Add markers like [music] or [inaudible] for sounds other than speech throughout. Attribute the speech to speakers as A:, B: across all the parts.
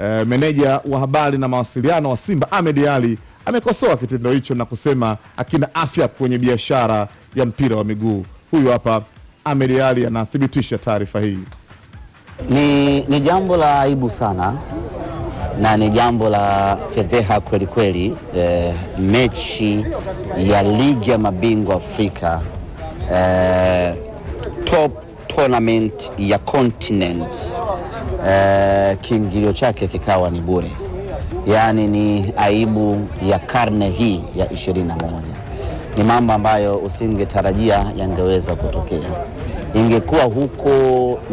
A: eh, meneja wa habari na mawasiliano wa Simba Ahmed Ali amekosoa kitendo hicho na kusema akina afya kwenye biashara ya mpira wa miguu. Huyu hapa Ahmed Ali anathibitisha taarifa hii.
B: Ni, ni jambo la aibu sana na ni jambo la fedheha kweli kweli. Eh, mechi ya ligi ya mabingwa Afrika eh, top tournament ya continent eh, kiingilio chake kikawa ni bure, yaani ni aibu ya karne hii ya ishirini na moja. Ni mambo ambayo usingetarajia yangeweza kutokea. Ingekuwa huko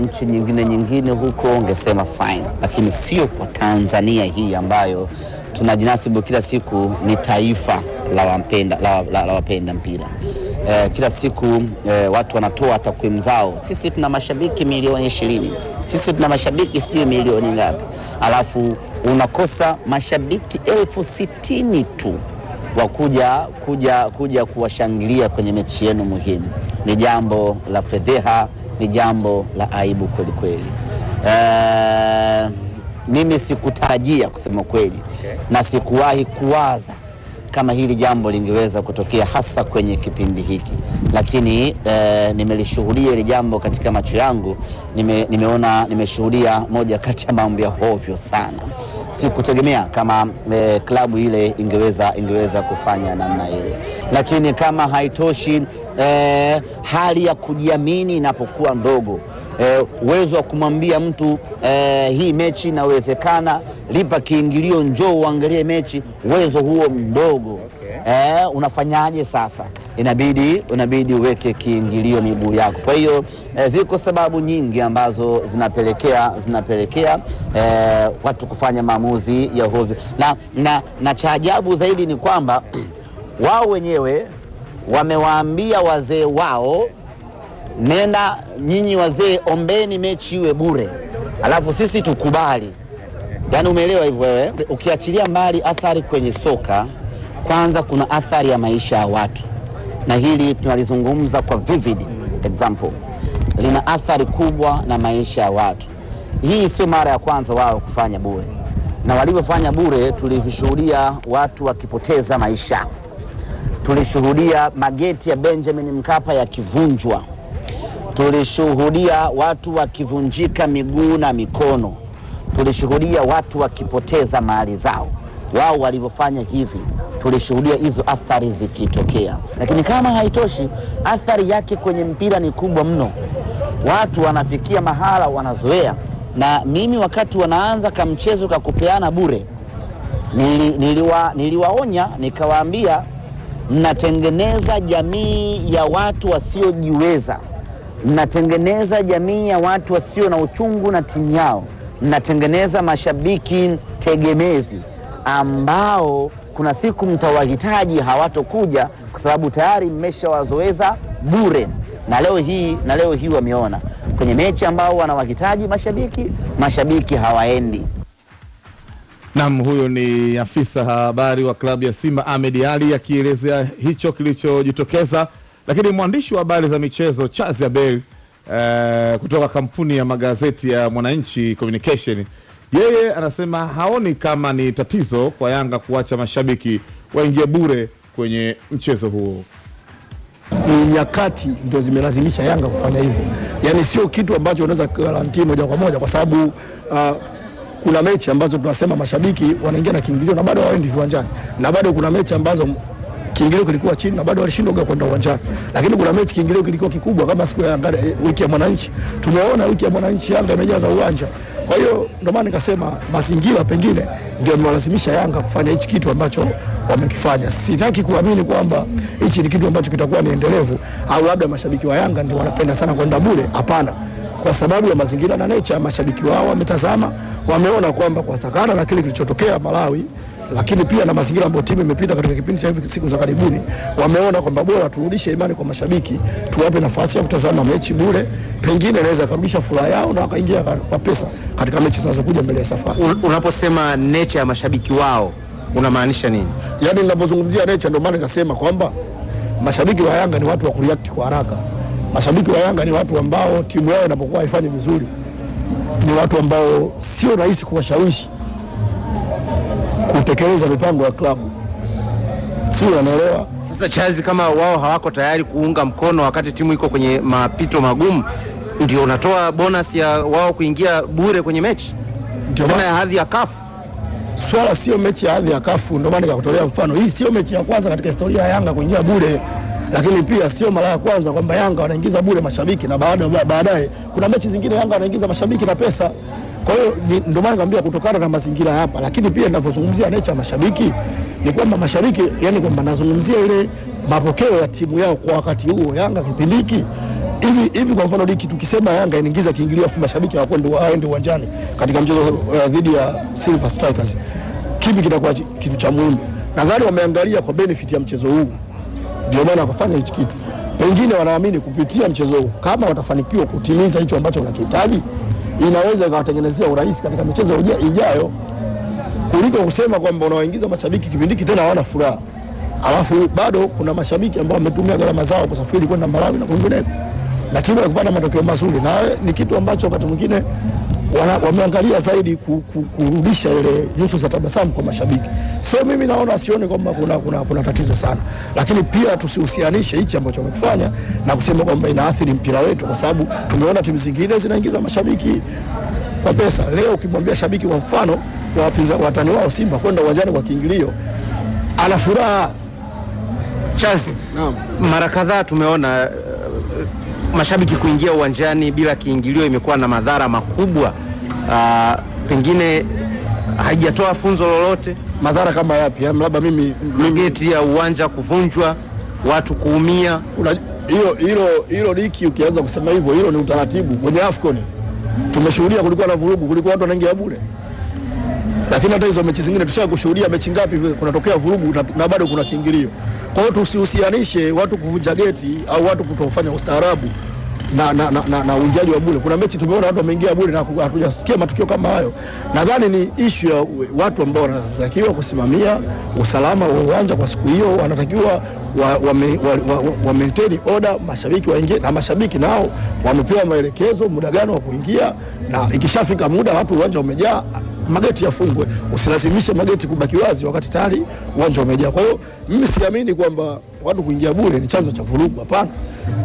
B: nchi nyingine nyingine huko ungesema fine, lakini sio kwa Tanzania hii ambayo tunajinasibu kila siku ni taifa la wapenda, la, la, la wapenda mpira eh, kila siku eh, watu wanatoa takwimu zao, sisi tuna mashabiki milioni ishirini sisi tuna mashabiki sijui milioni ngapi, alafu unakosa mashabiki elfu sitini tu wa kuja kuja kuja kuwashangilia kwenye mechi yenu muhimu. Ni jambo la fedheha, ni jambo la aibu kweli kweli. Uh, mimi sikutarajia kusema kweli, okay. na sikuwahi kuwaza kama hili jambo lingeweza kutokea hasa kwenye kipindi hiki, lakini e, nimelishuhudia hili jambo katika macho yangu. Nime, nimeona nimeshuhudia moja kati ya mambo ya hovyo sana. Sikutegemea kama e, klabu ile ingeweza ingeweza kufanya namna ile, lakini kama haitoshi e, hali ya kujiamini inapokuwa ndogo Eh, uwezo wa kumwambia mtu eh, hii mechi inawezekana, lipa kiingilio, njoo uangalie mechi, uwezo huo mdogo okay. Eh, unafanyaje sasa? Inabidi unabidi uweke kiingilio miguu yako. Kwa hiyo eh, ziko sababu nyingi ambazo zinapelekea zinapelekea eh, watu kufanya maamuzi ya hovyo na, na, na cha ajabu zaidi ni kwamba [clears throat] wao wenyewe wamewaambia wazee wao nenda nyinyi wazee ombeni mechi iwe bure, alafu sisi tukubali. Yaani umeelewa hivyo wewe? Ukiachilia mbali athari kwenye soka, kwanza kuna athari ya maisha ya watu, na hili tunalizungumza kwa vivid example, lina athari kubwa na maisha ya watu. Hii sio mara ya kwanza wao kufanya bure, na walivyofanya bure tulishuhudia watu wakipoteza maisha, tulishuhudia mageti ya Benjamin Mkapa yakivunjwa Tulishuhudia watu wakivunjika miguu na mikono, tulishuhudia watu wakipoteza mali zao. Wao walivyofanya hivi, tulishuhudia hizo athari zikitokea. Lakini kama haitoshi, athari yake kwenye mpira ni kubwa mno. Watu wanafikia mahala wanazoea. Na mimi wakati wanaanza kamchezo ka kupeana bure, nili, niliwa, niliwaonya nikawaambia, mnatengeneza jamii ya watu wasiojiweza mnatengeneza jamii ya watu wasio na uchungu na timu yao, mnatengeneza mashabiki tegemezi ambao kuna siku mtawahitaji, hawatokuja kwa sababu tayari mmeshawazoeza bure, na leo hii na leo hii wameona kwenye mechi ambao wanawahitaji mashabiki, mashabiki hawaendi.
A: Nam, huyo ni afisa habari wa klabu ya Simba Ahmed ali akielezea hicho kilichojitokeza. Lakini mwandishi wa habari za michezo Charles Abel uh, kutoka kampuni ya magazeti ya Mwananchi Communication, yeye anasema haoni kama ni tatizo kwa Yanga kuacha mashabiki waingie bure kwenye mchezo huo.
C: Ni nyakati ndio zimelazimisha Yanga kufanya hivyo, yaani sio kitu ambacho unaweza garanti moja kwa moja, kwa sababu uh, kuna mechi ambazo tunasema mashabiki wanaingia na kiingilio na bado hawaendi viwanjani, na bado kuna mechi ambazo kiingilio kilikuwa chini na bado walishindwa kwenda uwanjani, lakini kuna mechi kiingilio kilikuwa kikubwa kama siku ya Yanga, eh, wiki ya mwananchi. Tumeona wiki ya mwananchi Yanga imejaza uwanja. Kwa hiyo ndio maana nikasema mazingira pengine ndio amewalazimisha Yanga kufanya hichi kitu ambacho wamekifanya. Sitaki kuamini kwamba hichi ni kitu ambacho kitakuwa ni endelevu au labda mashabiki wa Yanga ndio wanapenda sana kwenda bure. Hapana, kwa sababu ya mazingira na nature, mashabiki wao wametazama, wameona kwamba kwa sakana na kile kilichotokea Malawi lakini pia na mazingira ambayo timu imepita katika kipindi cha hivi siku za karibuni, wameona kwamba bora turudishe imani kwa mashabiki, tuwape nafasi ya kutazama mechi bure, pengine anaweza karudisha furaha yao na wakaingia kwa pesa katika mechi zinazokuja mbele ya safari.
D: Unaposema nature ya mashabiki wao unamaanisha nini?
C: Yaani, ninapozungumzia nature, ndio maana nikasema kwamba mashabiki wa Yanga ni watu wa kureact kwa haraka. Mashabiki wa Yanga ni watu ambao timu yao inapokuwa haifanyi vizuri, ni watu ambao sio rahisi kuwashawishi kutekeleza mipango ya klabu, si wanaelewa?
D: Sasa Chazi, kama wao hawako tayari kuunga mkono wakati timu iko kwenye mapito magumu, ndio unatoa bonus ya wao kuingia bure kwenye mechi kama ya hadhi ya kafu.
C: Swala sio mechi ya hadhi ya kafu, ndio maana nikakutolea mfano. Hii sio mechi ya kwanza katika historia ya Yanga kuingia bure, lakini pia sio mara ya kwanza kwamba Yanga wanaingiza bure mashabiki, na baadaye kuna mechi zingine Yanga wanaingiza mashabiki na pesa. Kwa hiyo ndio maana nikamwambia kutokana na mazingira hapa, lakini pia ninavyozungumzia nature mashabiki ni kwamba mashariki, yani kwamba nazungumzia ile mapokeo ya timu yao kwa wakati huo. Yanga kipindi hiki hivi hivi, kwa mfano liki tukisema Yanga inaingiza kiingilio afu mashabiki hawako hawakwenda waende uwanjani katika mchezo uh, dhidi ya Silver Strikers, kipi kitakuwa kitu cha muhimu? Nadhani wameangalia kwa benefit ya mchezo huu, ndio maana wakafanya hichi kitu. Pengine wanaamini kupitia mchezo huu kama watafanikiwa kutimiza hicho ambacho wanakihitaji inaweza ikawatengenezea urahisi katika michezo ijayo kuliko kusema kwamba unawaingiza mashabiki kipindiki tena hawana furaha, alafu bado kuna mashabiki ambao wametumia gharama zao kusafiri kwenda Malawi na kwingineko na timu ya kupata matokeo mazuri, na ni kitu ambacho wakati mwingine wameangalia zaidi kurudisha ile nyuso za tabasamu kwa mashabiki. So mimi naona sioni kwamba kuna, kuna, kuna tatizo sana, lakini pia tusihusianishe hichi ambacho wamekifanya na kusema kwamba inaathiri mpira wetu, kwa sababu tumeona timu zingine zinaingiza mashabiki kwa pesa. Leo ukimwambia shabiki kwa mfano wa wapinzani watani wao Simba kwenda uwanjani kwa kiingilio, ana furaha
D: Charles, mara kadhaa tumeona mashabiki kuingia uwanjani bila kiingilio imekuwa na madhara makubwa, uh, pengine haijatoa funzo lolote.
C: Madhara kama yapi? Yaani labda mimi,
D: geti ya uwanja kuvunjwa, watu kuumia.
C: Hilo hilo hilo liki, ukianza kusema hivyo, hilo ni utaratibu. Kwenye AFCON tumeshuhudia kulikuwa na vurugu, kulikuwa watu wanaingia bure, lakini hata hizo mechi zingine tushakushuhudia. Mechi ngapi kunatokea vurugu na, na bado kuna kiingilio. Kwa hiyo tusihusianishe watu kuvunja geti au watu kutofanya ustaarabu na, na, na, na, na uingiaji wa bure. Kuna mechi tumeona watu wameingia bure na hatujasikia matukio kama hayo. Nadhani ni ishu ya watu ambao wanatakiwa kusimamia usalama wa uwanja kwa siku hiyo, wanatakiwa wa, wa, wa, wa, wa maintain order, mashabiki waingie, na mashabiki nao wamepewa maelekezo muda gani wa kuingia, na ikishafika muda watu uwanja umejaa mageti yafungwe, usilazimishe mageti kubaki wazi wakati tayari uwanja umejaa. Kwa hiyo mimi siamini kwamba watu kuingia bure ni chanzo cha vurugu, hapana.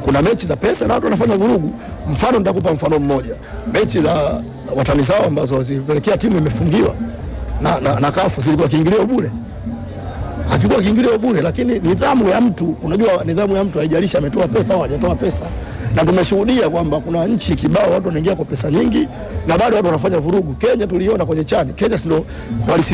C: Kuna mechi za pesa na watu wanafanya vurugu. Mfano, nitakupa mfano mmoja, mechi za watani zao ambazo zilipelekea timu imefungiwa na, na, na kafu zilikuwa kiingilio bure akikuwa kiingilio bure, lakini nidhamu ya mtu, unajua nidhamu ya mtu haijalishi ametoa pesa au hajatoa pesa na tumeshuhudia kwamba kuna nchi kibao watu wanaingia kwa pesa nyingi na bado watu wanafanya vurugu. Kenya tuliona kwenye chani Kenya, si ndio